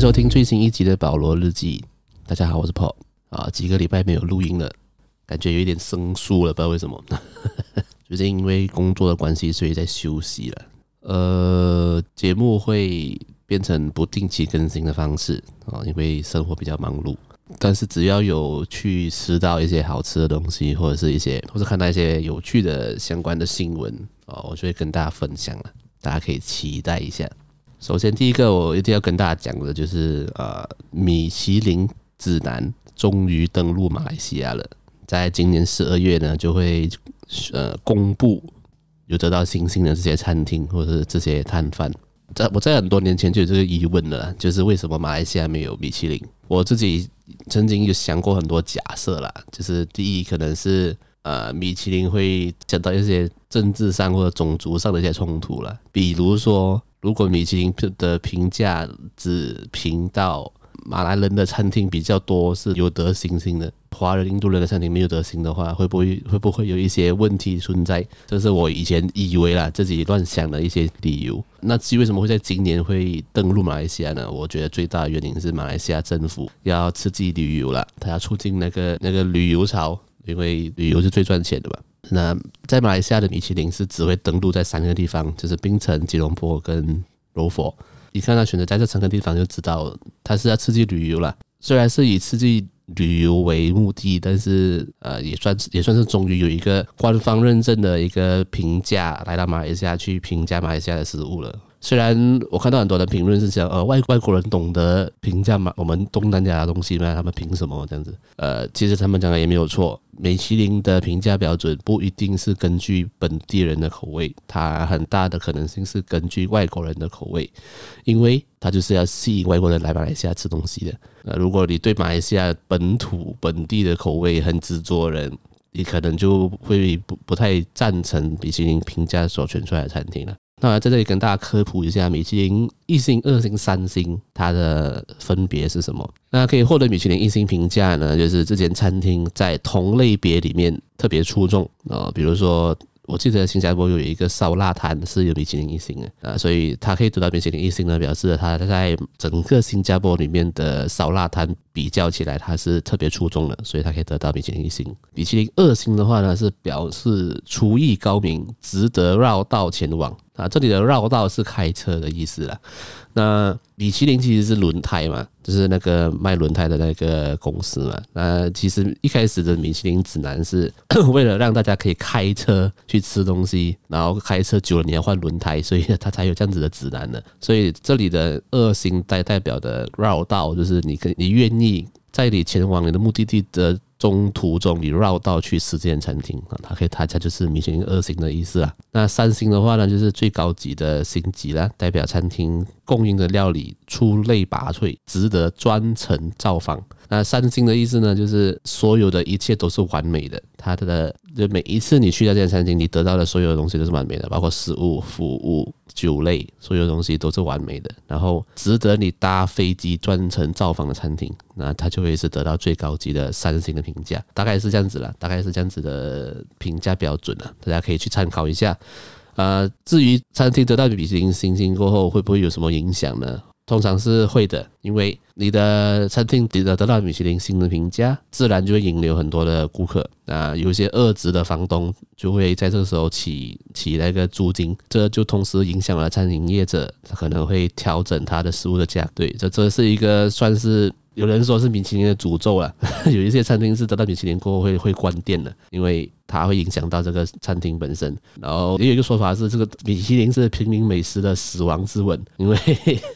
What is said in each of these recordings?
收聽最新一集的《保羅日記》，大家好，我是 Paul 啊，幾個禮拜沒有錄音了，感覺有一點生疏了，不知道為什麼，最 近因為工作的關係，所以在休息了。呃，節目會變成不定期更新的方式啊，因為生活比較忙碌，但是只要有去吃到一些好吃的東西，或者是一些，或者看到一些有趣的相關的新聞啊，我就會跟大家分享了，大家可以期待一下。首先，第一個我一定要跟大家講的就是，呃，米其林指南終於登陸馬來西亞了，在今年十二月呢，就會呃公布有得到星星的這些餐廳或是這些攤販。在我在很多年前就有這個疑問了，就是為什麼馬來西亞沒有米其林？我自己曾經有想過很多假設啦，就是第一，可能是呃，米其林會講到一些政治上或者種族上的一些衝突了，比如說。如果米其林的評價只評到馬來人的餐廳比較多是有得星星的，華人、印度人的餐廳沒有得星的話，會不會，會不會有一些問題存在？這是我以前以為啦，自己亂想的一些理由。那至於為什麼會在今年會登陸馬來西亞呢？我覺得最大的原因是馬來西亞政府要刺激旅遊了，他要促進那個那個旅遊潮，因為旅遊是最賺錢的吧。那在馬來西亞的米其林是只會登陸在三個地方，就是檳城、吉隆坡跟柔佛。一看他選擇在這三個地方，就知道他是要刺激旅遊了。雖然是以刺激旅遊為目的，但是呃，也算也算是終於有一個官方認證的一個評價，來到馬來西亞去評價馬來西亞的食物了。雖然我看到很多的評論是講，呃，外外國人懂得評價嘛，我們東南亞的東西嘛，他們憑什麼這樣子？呃，其實他們講的也沒有錯。米其林的評價標準不一定是根據本地人的口味，它很大的可能性是根據外國人的口味，因為它就是要吸引外國人來馬來西亞吃東西的。呃，如果你對馬來西亞本土本地的口味很執著的人，你可能就會不不太贊成米其林評價所選出來的餐廳了。那我在這裡跟大家科普一下，米其林一星、二星、三星它的分別是什麼？那可以獲得米其林一星評價呢，就是這間餐廳在同類別裡面特別出眾啊、哦。比如說，我記得新加坡有一個燒臘攤是有米其林一星的啊，所以它可以得到米其林一星呢，表示它在整個新加坡裡面的燒臘攤。比較起來，它是特別出眾的，所以它可以得到米其林一星。米其林二星的話呢，是表示廚藝高明，值得繞道前往。啊，這裡的繞道是開車的意思啦。那米其林其實是輪胎嘛，就是那個賣輪胎的那個公司嘛。那其實一開始的米其林指南是為了讓大家可以開車去吃東西，然後開車久了你要換輪胎，所以它才有這樣子的指南的。所以這裡的二星代代表的繞道，就是你可以你願意。在你前往你的目的地的中途中，你繞道去吃這間餐廳啊，它可以，它才就是米其林二星的意思啊。那三星的話呢，就是最高級的星級了，代表餐廳供應的料理出類拔萃，值得專程造訪。那三星的意思呢，就是所有的一切都是完美的。它的，就每一次你去到這家餐廳，你得到的所有的東西都是完美的，包括食物、服務、酒類，所有的東西都是完美的。然後值得你搭飛機專程造訪的餐廳，那它就會是得到最高級的三星的評價，大概是這樣子了，大概是這樣子的評價標準了啊，大家可以去參考一下。呃，至於餐廳得到幾星，星星過後會不會有什麼影響呢？通常是會的，因為你的餐廳得得到米其林星的評價，自然就會引流很多的顧客。啊，有些二職的房東就會在這個時候起起那個租金，這就同時影響了餐飲業者，他可能會調整他的食物的價。對，這這是一個算是。有人說是米其林的詛咒啦，有一些餐廳是得到米其林過後會會關店的，因為它會影響到這個餐廳本身。然後也有一個說法是，這個米其林是平民美食的死亡之吻，因為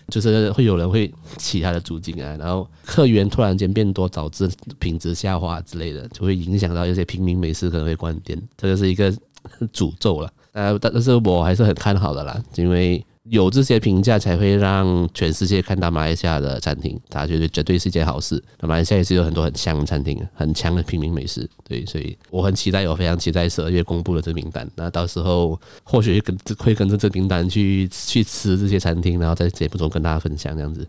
就是會有人會起他的租金啊，然後客源突然間變多，導致品質下滑之類的，就會影響到一些平民美食可能會關店，這個是一個詛咒啦。呃，但但是我還是很看好的啦，因為。有這些評價，才會讓全世界看到馬來西亞的餐廳，大家覺得絕對是一件好事。那馬來西亞也是有很多很香的餐廳，很強的平民美食。對，所以我很期待，我非常期待十二月公布的這名單。那到時候或許會跟會跟着這名單去去吃這些餐廳，然後在節目中跟大家分享這樣子。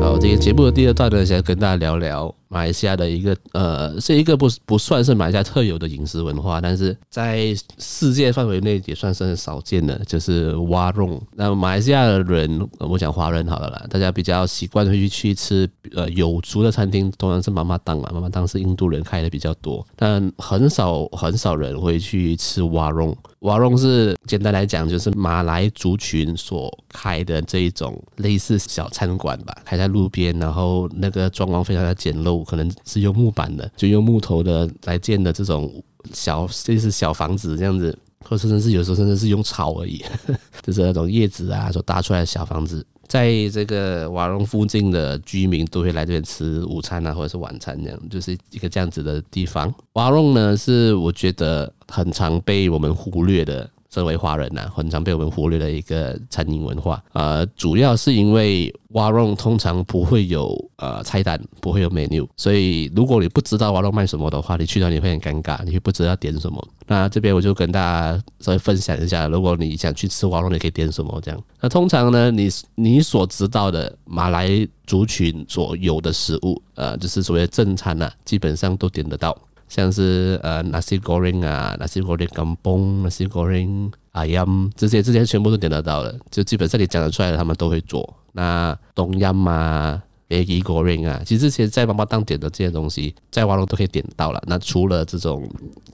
好，這個節目的第二段呢，想跟大家聊聊。馬來西亞的一個呃，是一個不不算是馬來西亞特有的飲食文化，但是在世界範圍內也算，算是少見的，就是 Warung。那馬來西亞的人，我講華人好了啦，大家比較習慣會去，去吃呃有豬的餐廳，通常是媽媽檔嘛，媽媽檔是印度人開的比較多，但很少很少人會去吃 Warung。Warung 是簡單來講，就是馬來族群所開的這一種類似小餐館吧，開在路邊，然後那個裝潢非常的簡陋。可能是用木板的，就用木頭的來建的這種小，這是小房子這樣子，或者甚至是有時候甚至是用草而已，呵呵，就是那種葉子啊所搭出來的小房子。在這個瓦隆附近的居民都會來這邊吃午餐啊，或者是晚餐這樣，就是一個這樣子的地方。瓦隆呢，是我覺得很常被我們忽略的。身為華人吶、啊，很常被我們忽略的一個餐飲文化。呃，主要是因為 Warung 通常不會有呃菜單，不會有 menu，所以如果你不知道 Warung 賣什麼的話，你去到你會很尷尬，你會不知道點什麼。那這邊我就跟大家稍微分享一下，如果你想去吃 Warung 你可以點什麼這樣。那通常呢，你你所知道的馬來族群所有的食物，呃，就是所謂正餐吶、啊，基本上都點得到。像是呃 nasi goreng 啊，nasi goreng kampung，nasi goreng ayam 這些這些全部都點得到了，就基本上你講得出來的，他們都會做。那 tom yam 啊 Maggi goreng 啊，其實這些在媽媽檔點的這些東西，在瓦隆都可以點到了。那除了這種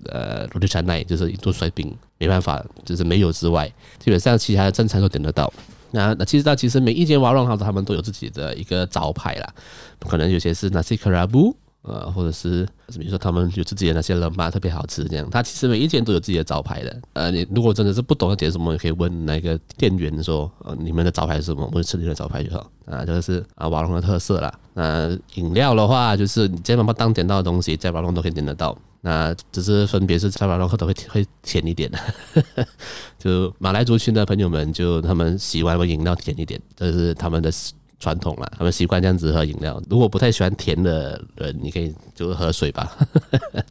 呃 roti canai 就是印度摔餅，沒辦法，就是沒有之外，基本上其他的正常都點得到。那那其實到其實每一間瓦隆哈，他們都有自己的一個招牌啦，可能有些是 nasi kerabu。呃，或者是比如說他們有自己的那些冷吧，特別好吃，這樣，他其實每一間都有自己的招牌的。呃，你如果真的是不懂得點什麼，可以問那個店員說，呃，你們的招牌是什麼？我們吃你的招牌就好啊，這個是啊，瓦龍的特色啦。那飲料的話，就是你在嘛嘛檔點到的東西，在瓦龍都可以點得到。那只是分別是在瓦龍喝的會會甜一點， 就馬來族群的朋友們就他們喜歡飲料甜一點，這是他們的。傳統了，他們習慣這樣子喝飲料。如果不太喜歡甜的人，你可以就是喝水吧。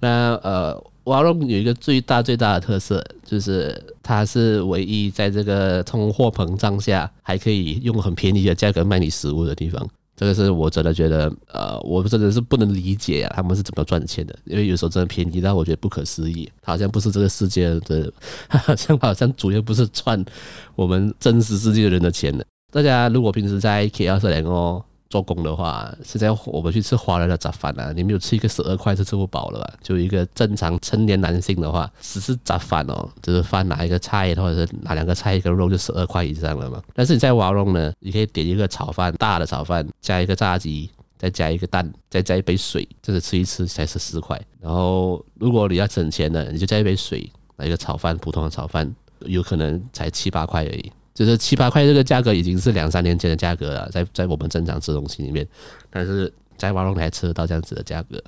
那呃，Warung 有一個最大最大的特色，就是它是唯一在這個通貨膨脹下還可以用很便宜的價格賣你食物的地方。這個是我真的覺得，呃，我真的是不能理解啊，他們是怎麼賺錢的？因為有時候真的便宜到我覺得不可思議，好像不是這個世界的，好像好像主要不是賺我們真實世界的人的錢的。大家如果平時在 K 二十二哦做工的話，是在我們去吃華人的雜飯啊。你沒有吃一個十二塊是吃不飽的吧？就一個正常成年男性的話，只是雜飯哦，就是飯拿一個菜或者是拿兩個菜一個肉就十二塊以上了嘛。但是你在 Warung 呢，你可以點一個炒飯，大的炒飯加一個炸雞，再加一個蛋，再加一杯水，就是吃一吃才十四塊。然後如果你要省錢呢，你就加一杯水，拿一個炒飯，普通的炒飯有可能才七八塊而已。就是七八塊這個價格已經是兩三年前的價格了，在在我們正常吃東西裡面，但是在瓦龍台吃得到這樣子的價格，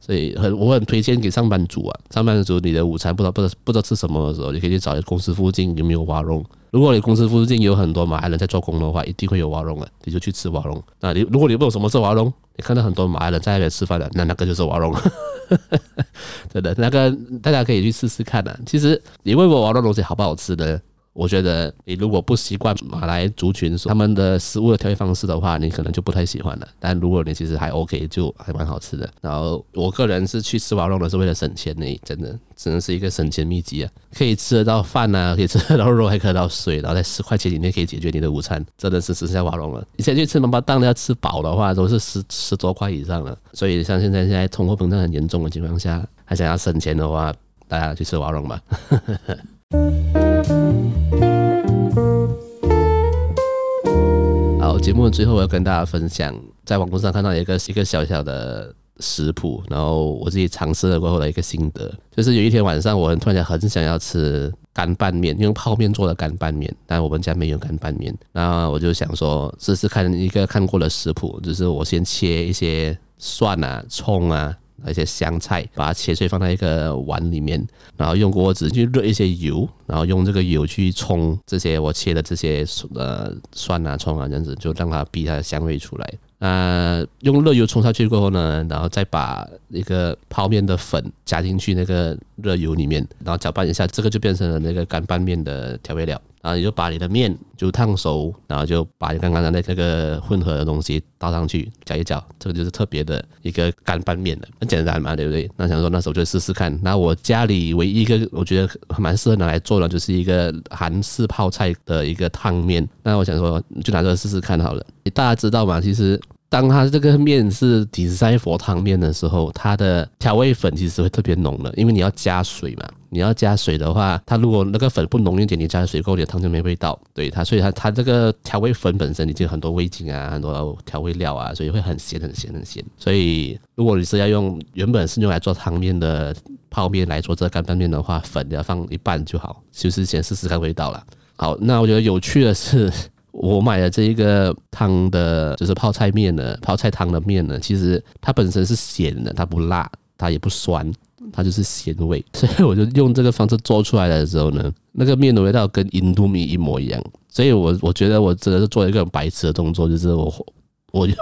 所以很我很推薦給上班族啊。上班族你的午餐不知道不知道不知道吃什麼的時候，你可以去找公司附近有沒有瓦龍。如果你公司附近有很多馬來人在做工的話，一定會有瓦龍啊。你就去吃瓦龍。那你如果你問我什麼是瓦龍，你看到很多馬來人在那邊吃飯的，那那個就是瓦龍。真的，那個大家可以去試試看啊。其實你問我瓦龍東西好不好吃呢？我覺得你如果不習慣馬來族群他們的食物的調味方式的話，你可能就不太喜歡了。但如果你其實還 OK，就還蠻好吃的。然後我個人是去吃 Warung 的是為了省錢呢、欸，真的只能是一個省錢秘籍啊！可以吃得到飯啊，可以吃得到肉，還可以喝到水，然後在十塊錢以內可以解決你的午餐，真的是實在 Warung 了。以前去吃嘛嘛檔要吃飽的話，都是十十多塊以上了。所以像現在現在通貨膨脹很嚴重的情況下，還想要省錢的話，大家去吃 Warung 吧。 節目最後，我要跟大家分享，在網絡上看到一個一個小小的食譜，然後我自己嘗試了過後的一個心得，就是有一天晚上，我突然間很想要吃乾拌麵，用泡麵做的乾拌麵，但我們家沒有乾拌麵，那我就想說試試看一個看過的食譜，就是我先切一些蒜啊、蔥啊。那些香菜，把它切碎放在一個碗裡面，然後用鍋子去熱一些油，然後用這個油去沖這些我切的這些呃蒜啊、蔥啊這樣子，就讓它逼它的香味出來。那、呃、用熱油沖下去過後呢，然後再把一個泡麵的粉加進去那個熱油裡面，然後攪拌一下，這個就變成了那個乾拌麵的調味料。啊，然後你就把你的麵就燙熟，然後就把你剛剛的那那個混合的東西倒上去攪一攪，這個就是特別的一個乾拌麵的，很簡單嘛，對不對？那想說那時候就試試看。那我家裡唯一一個我覺得蠻適合拿來做的，就是一個韓式泡菜的一個湯麵。那我想說就拿這個試試看好了。大家知道嗎？其實當它這個麵是 design for 湯麵的時候，它的調味粉其實會特別濃的，因為你要加水嘛。你要加水的話，它如果那個粉不濃一點，你加水過後，你的湯就沒味道。對它，所以它它這個調味粉本身已經很多味精啊，很多調味料啊，所以會很鹹、很鹹、很鹹。所以如果你是要用原本是用來做湯麵的泡麵來做這個乾拌麵的話，粉要放一半就好，就是先試試看味道了。好，那我覺得有趣的是，我買的這一個湯的，就是泡菜麵呢。泡菜湯的麵呢，其實它本身是鹹的，它不辣，它也不酸。它就是鹹味，所以我就用這個方式做出來的時候呢，那個麵的味道跟 Indomie 一模一樣。所以我，我我覺得我真的是做了一個很白痴的動作，就是我我就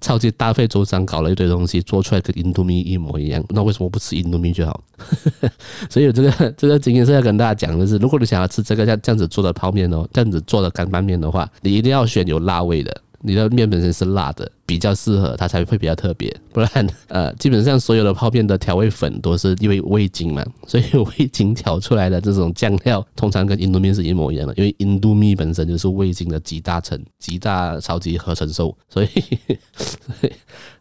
超級大費周章搞了一堆東西做出來跟 Indomie 一模一樣。那為什麼不吃 Indomie 就好？所以我這個這個今天是要跟大家講的是，如果你想要吃這個像這樣子做的泡麵哦、喔，這樣子做的乾拌麵的話，你一定要選有辣味的。你的麵本身是辣的，比較適合，它才會比較特別。不然，呃，基本上所有的泡麵的調味粉都是因為味精嘛，所以味精調出來的這種醬料，通常跟 Indomie 是一模一樣的。因為 Indomie 本身就是味精的集大成、集大超級合成素，所以，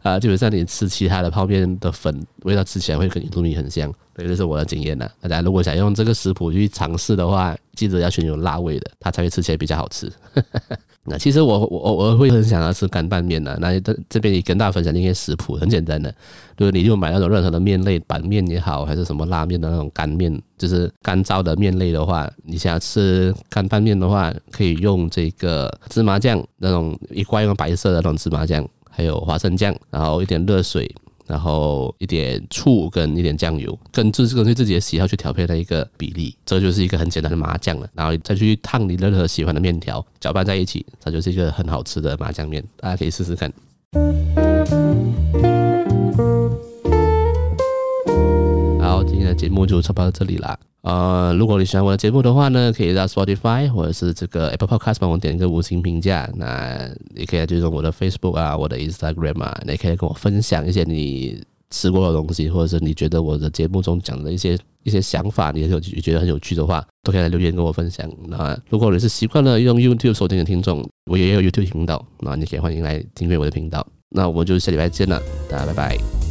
啊、呃，基本上你吃其他的泡麵的粉，味道吃起來會跟 Indomie 很像。所以這是我的經驗了、啊。大家如果想用這個食譜去嘗試的話，記得要選有辣味的，它才會吃起來比較好吃。 那其實我我我會很想要吃乾拌麵的、啊。那你這這邊也跟大家分享一些食譜，很簡單的。就是你就買那種任何的麵類，板麵也好，還是什麼拉麵的那種乾麵，就是乾燥的麵類的話，你想要吃乾拌麵的話，可以用這個芝麻醬，那種一罐用白色的那種芝麻醬，還有花生醬，然後一點熱水。然後一點醋，跟一點醬油，跟就是根據自己的喜好去調配的一個比例，這就是一個很簡單的麻醬了。然後再去燙你任何喜歡的麵條，攪拌在一起，它就是一個很好吃的麻醬麵，大家可以試試看。節目就差不多到這裡了。呃，如果你喜歡我的節目的話呢，可以在 Spotify 或者是這個 Apple Podcast 幫我點一個五星評價。那你可以追蹤我的 Facebook 啊，我的 Instagram 啊，你也可以跟我分享一些你吃過的東西，或者是你覺得我的節目中講的一些一些想法，你有你覺得很有趣的話，都可以來留言跟我分享。那如果你是習慣了用 YouTube 收聽的聽眾，我也有 YouTube 頻道，那你可以歡迎來訂閱我的頻道。那我們就下禮拜見了，大家拜拜。